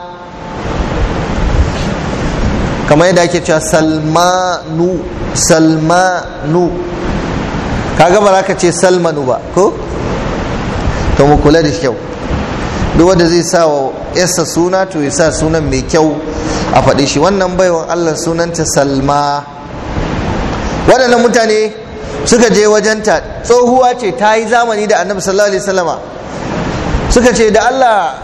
kamar yadda ake cewa salmanu salmanu kaga ba za ka ce salmanu ba ko to mu kula da kyau duk wanda zai sa wa yarsa suna to ya sa sunan mai kyau a faɗi shi wannan baiwan allah sunanta salma waɗannan mutane suka je wajenta tsohuwa ce ta yi zamani da annabi sallallahu alaihi wasallama suka ce da allah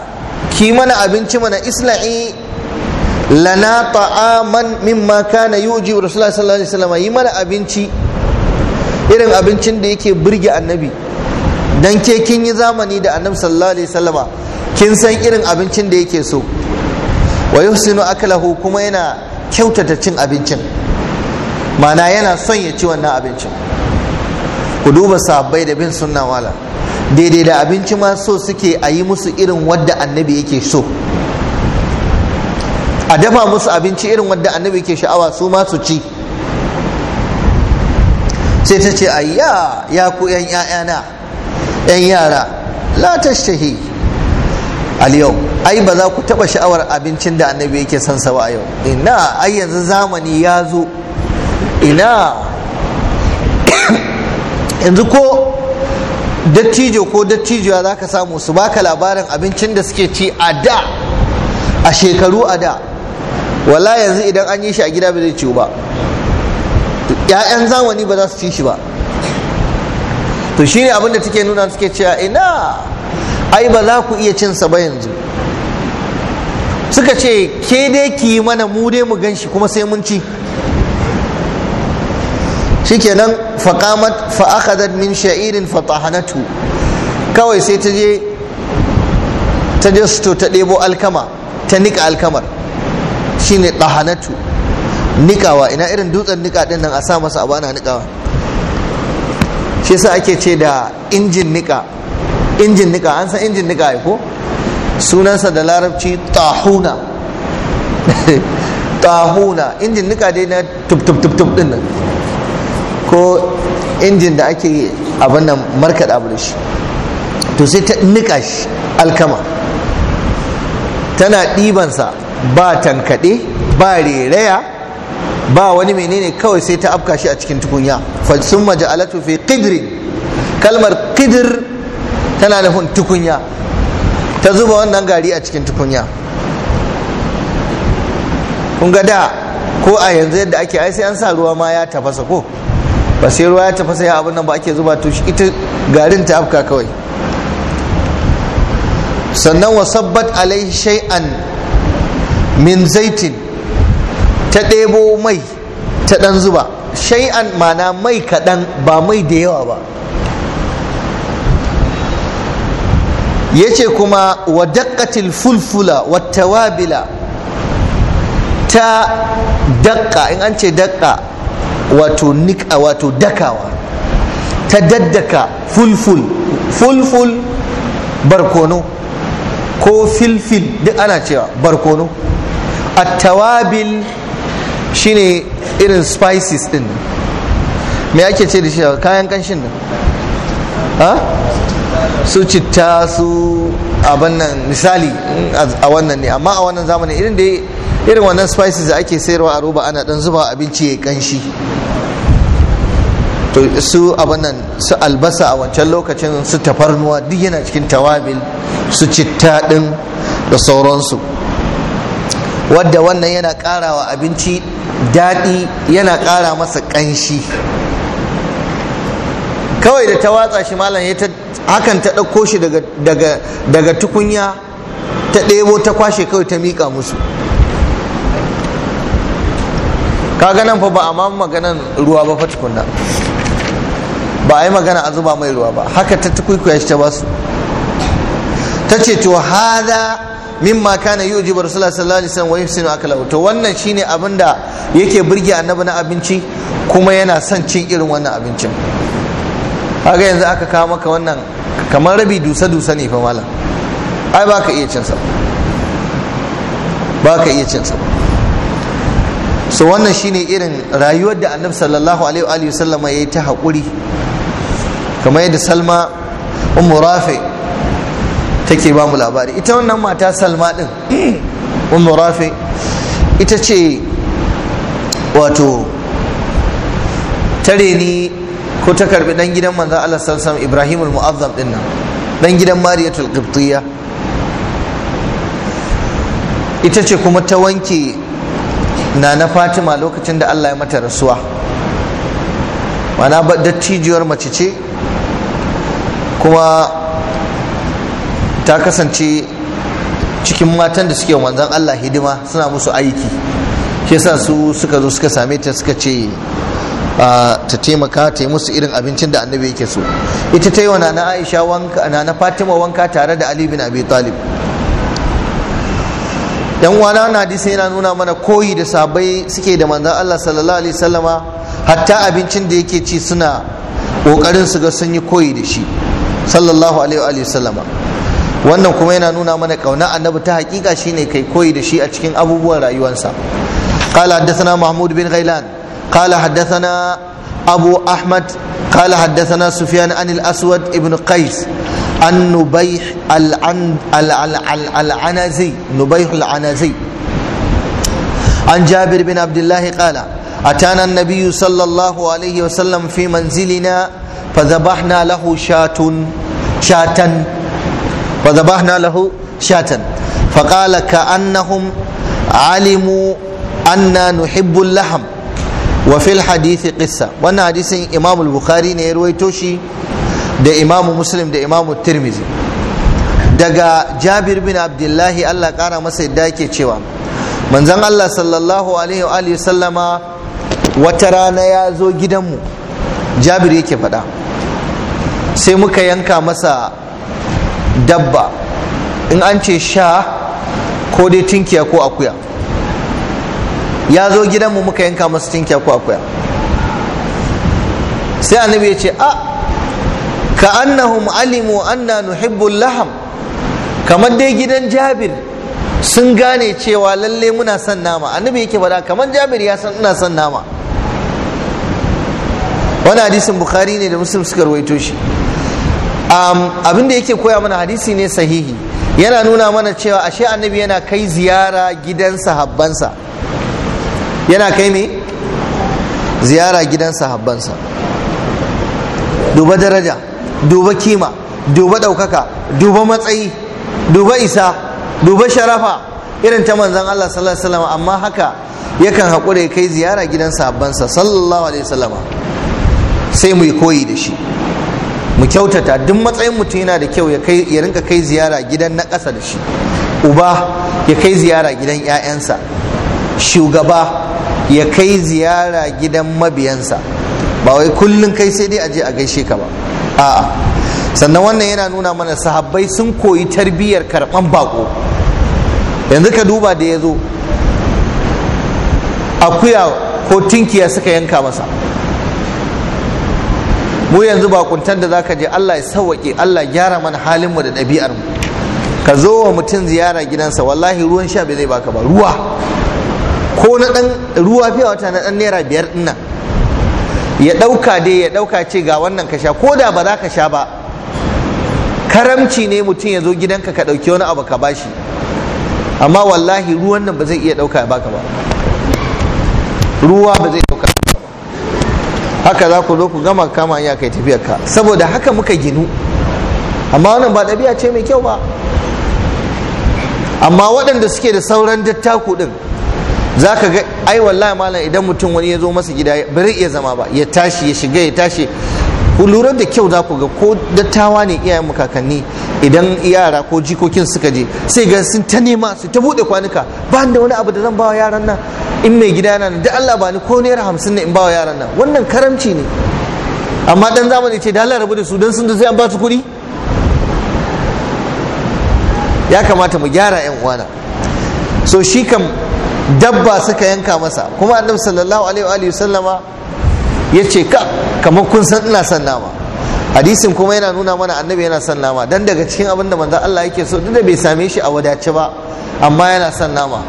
ki mana abinci mana isla'i lana ta'aman mimma kana yuji rasulullahi sallallahu alaihi wasallama yi mana abinci irin abincin da yake burge annabi dan ke kin yi zamani da annabi sallallahu alaihi wasallama kin san irin abincin da yake so wa yuhsinu akalahu kuma yana kyautata cin abincin mana yana son ya ci wannan abincin ku duba sahabbai da bin sunna wala daidai da abinci ma so suke a yi musu irin wadda annabi yake so a dafa musu abinci irin wadda annabi yake sha'awa su ma su ci sai ta ce ayya ya ku yan ‘ya'yana yan yara la shahi al yau ai ba za ku taba sha'awar abincin da annabi yake son sa ba a yau ina ai yanzu zamani ya zo ina yanzu ko dattijo ko dattijo za ka samu su baka labarin abincin da suke ci a da a shekaru a da wala yanzu idan an yi shi a gida ba zai ciwo ba 'ya'yan zamani ba za su ci shi ba to shine abin da take nuna suke cewa ina ai ba za ku iya cin sa ba yanzu suka ce ke dai ki yi mana mu dai mu gan shi kuma sai mun ci ke nan fa faakadar min sha'irin fa kawai sai ta je ta je ta ɗebo alkama ta nika alkamar shi ne ɗahanatu nikawa ina irin dutsen nika din nan a sa masa abu ana nikawa shi yasa ake ce da injin nika injin nika an san injin nika ai ko sunansa da larabci tahuna tahuna injin nika dai na tub tub tub tup din nan ko injin da ake abin nan markaɗa abu shi to sai ta nika shi alkama tana ɗibansa ba tankaɗe ba reraya ba wani menene kawai sai ta afka shi a cikin tukunya fa summa ja'alatu fi qidrin kalmar qidr tana nufin tukunya ta zuba wannan gari a cikin tukunya kun ga da ko a yanzu yadda ake ai sai an sa ruwa ma ya tafasa ko ba sai ruwa ya tafasa ya abin nan ba ake zuba to ita garin ta afka kawai sannan wasabbat alai shay'an min zaitin ta ɗebo mai ta ɗan zuba shay'an mana mai kaɗan ba mai da yawa ba ya ce kuma wa daƙatil fulfula wa tawabila ta daƙa in an ce daƙa wato niƙa wato dakawa ta daddaka fulful fulful barkono ko filfil duk ana cewa barkono a tawabil shine irin spices din me ake ce da shi kayan kanshin nan ha su citta su abin nan misali a wannan ne amma a wannan zamani irin da irin wannan spices da ake sayarwa a roba ana dan zuba abinci ya kanshi to su abin nan su albasa a wancan lokacin su tafarnuwa duk yana cikin tawabil su citta din da sauransu wadda wannan yana ƙara wa abinci daɗi yana ƙara masa ƙanshi kawai da ta watsa shi malam ya ta hakan ta ɗauko shi daga tukunya ta ɗebo ta kwashe kawai ta miƙa musu Ka nan fa ba a mamu maganan ruwa ba fa tukunna ba a yi magana a zuba mai ruwa ba haka ta tukwikwaya shi ta basu ta ce to hada mimma kana yujibu rasulullah sallallahu alaihi wasallam wa yuhsinu aklahu to wannan shine abin da yake burge annabi na abinci kuma yana son cin irin wannan abincin kaga yanzu aka kawo maka wannan kamar rabi dusa dusa ne fa malam ai ba ka iya cin sa ba ka iya cin sa so wannan shine irin rayuwar da annabi sallallahu alaihi wasallam ya yi ta hakuri. kamar yadda salma ummu rafi' take ba mu labari ita wannan mata salma din umu rafi ita ce wato tare ni ko ta karbi dan gidan manzon Allah sallallahu alaihi Ibrahim al-Mu'azzam din nan dan gidan Mariyatul Qibtiyya ita ce kuma ta wanke nana Fatima lokacin da Allah ya mata rasuwa mana ba dattijiyar mace ce kuma ta kasance cikin matan da suke manzan Allah hidima suna musu aiki ke sa su suka zo suka same ta suka ce ta taimaka ta yi musu irin abincin da annabi yake so ita ta yi wa nana aisha wanka nana fatima wanka tare da ali bin abi talib yan wana na hadisi yana nuna mana koyi da sabai suke da manzan Allah sallallahu alaihi wasallama hatta abincin da yake ci suna kokarin su ga sun yi koyi da shi sallallahu alaihi wasallama wannan kuma yana nuna mana kauna annabi ta hakika shine kai koyi da shi a cikin abubuwan rayuwarsa قال حدثنا محمود بن غيلان قال حدثنا أبو أحمد قال حدثنا سفيان عن الأسود ابن قيس عن نبيح العنزي نبيح العنزي عن جابر بن عبد الله قال أتانا النبي صلى الله عليه وسلم في منزلنا فذبحنا له شاة شاة wa zabahna lahu shatan faƙala ka annahum alimu anna nuhibbul laham wa fil hadisi qissa wannan hadisin imamu bukhari ne ya ruwaito shi da imamu muslim da imamu tirmizi daga jabir bin abdullahi allah ƙara masa yadda yake cewa manzon allah sallallahu alaihi wa wata rana ya zo gidan mu. jabir yake faɗa sai muka yanka masa dabba in an ce sha ko dai tinkiya ko akuya ya zo gidanmu muka yanka masu tinkiya ko akuya sai annabi ya ce a ka annahum alimu anna nuhibbul laham kamar dai gidan jabir sun gane cewa lalle muna son nama annabi yake faɗa kamar jabir ya san ina son nama wani hadisin bukhari ne da muslim suka rawaito shi um, abin da yake koya mana hadisi ne sahihi yana nuna mana cewa ashe annabi yana kai ziyara gidan sahabbansa yana kai me ziyara gidan sahabbansa duba daraja duba kima duba ɗaukaka duba matsayi duba isa duba sharafa irin ta manzan Allah sallallahu alaihi wasallam amma haka yakan haƙura ya kai ziyara gidan sahabbansa sallallahu alaihi wasallam sai mu yi koyi da shi mu kyautata duk matsayin mutum yana da kyau ya rinka kai ziyara gidan na ƙasa da shi uba ya kai ziyara gidan 'ya'yansa shugaba ya kai ziyara gidan mabiyansa ba wai kullum kai sai dai aje a gaishe ka ba a'a sannan wannan yana nuna mana sahabbai sun koyi tarbiyyar karɓan bako yanzu ka duba da ya zo akuya ko tinkiya suka yanka masa mu yanzu bakuntan da zaka je Allah ya sauwaƙe Allah gyara mana halin mu da ɗabi'ar mu ka zo wa mutum ziyara gidansa wallahi ruwan sha bai zai baka ba ruwa ko na dan ruwa fiye wata na dan naira biyar din nan ya dauka dai ya dauka ce ga wannan ka sha ko da ba za ka sha ba karamci ne mutum ya zo gidanka ka dauki wani abu ka bashi amma wallahi ruwan nan ba zai iya dauka ya baka ba ruwa ba zai dauka haka za ku zo ku gama kama hanya kai tafiyar ka saboda haka muka ginu amma wannan ba ɗabi'a ce mai kyau ba amma waɗanda suke da sauran dattaku ɗin za ka ga ai wallahi malam idan mutum wani ya zo masa gida bari iya zama ba ya tashi ya shiga ya tashi ku lura da kyau za ku ga ko dattawa ne iyayen kakanni idan yara ko jikokin suka je sai ga sun ta nema su ta bude kwanuka ba da wani abu da zan bawa yaran nan in mai gida na da Allah ba ni ko naira hamsin na in bawa yaran nan wannan karamci ne amma dan zamani ce da Allah rabu da su dan sun da sai an ba su kuɗi ya kamata mu gyara yan uwana so shi kam dabba suka yanka masa kuma annabi sallallahu alaihi wa sallama ya ce ka kamar kun san ina son nama hadisin kuma yana nuna mana annabi yana son nama dan daga cikin abin da manzan Allah yake so duk da bai same shi a wadace ba amma yana son nama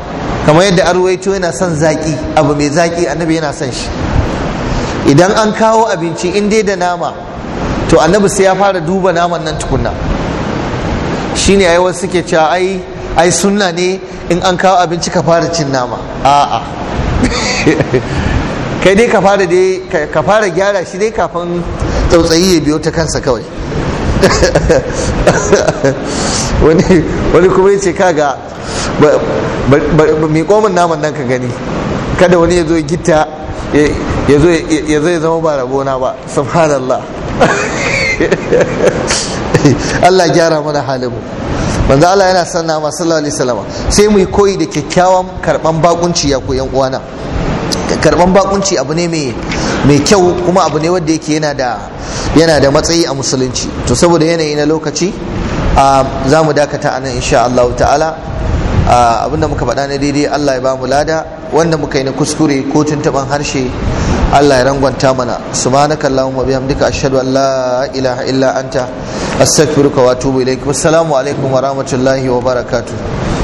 kamar yadda arwaito yana son zaki abu mai zaki annabi yana son shi idan an kawo abinci in dai da nama to annabi sai ya fara duba naman nan tukunna shine ai wasu suke cewa ai ai sunna ne in an kawo abinci ka fara cin nama a'a kai dai ka fara dai ka fara gyara shi dai kafin tsautsayi ya biyo ta kansa kawai wani kuma ya ce kaga mai komin naman nan ka gani kada wani ya zo gita ya zo ya zama ba rabona ba subhanallah Allah gyara mana halinmu manzo Allah yana sanna masu sallallahu alaihi sai mu yi koyi da kyakkyawan karban bakunci ya koyan uwana karban bakunci abu ne mai kyau kuma abu ne wanda yake yana da matsayi a musulunci to saboda yanayi na lokaci za mu dakata nan insha Allah ta'ala abinda muka faɗa na daidai Allah ya ba mu lada wanda muka yi na kuskure ko tuntuban harshe Allah ya rangwanta mana subhanaka allahumma bihamdika ashhadu an la ilaha illa anta astaghfiruka wa atubu ilaik assalamu alaikum wa rahmatullahi wa barakatuh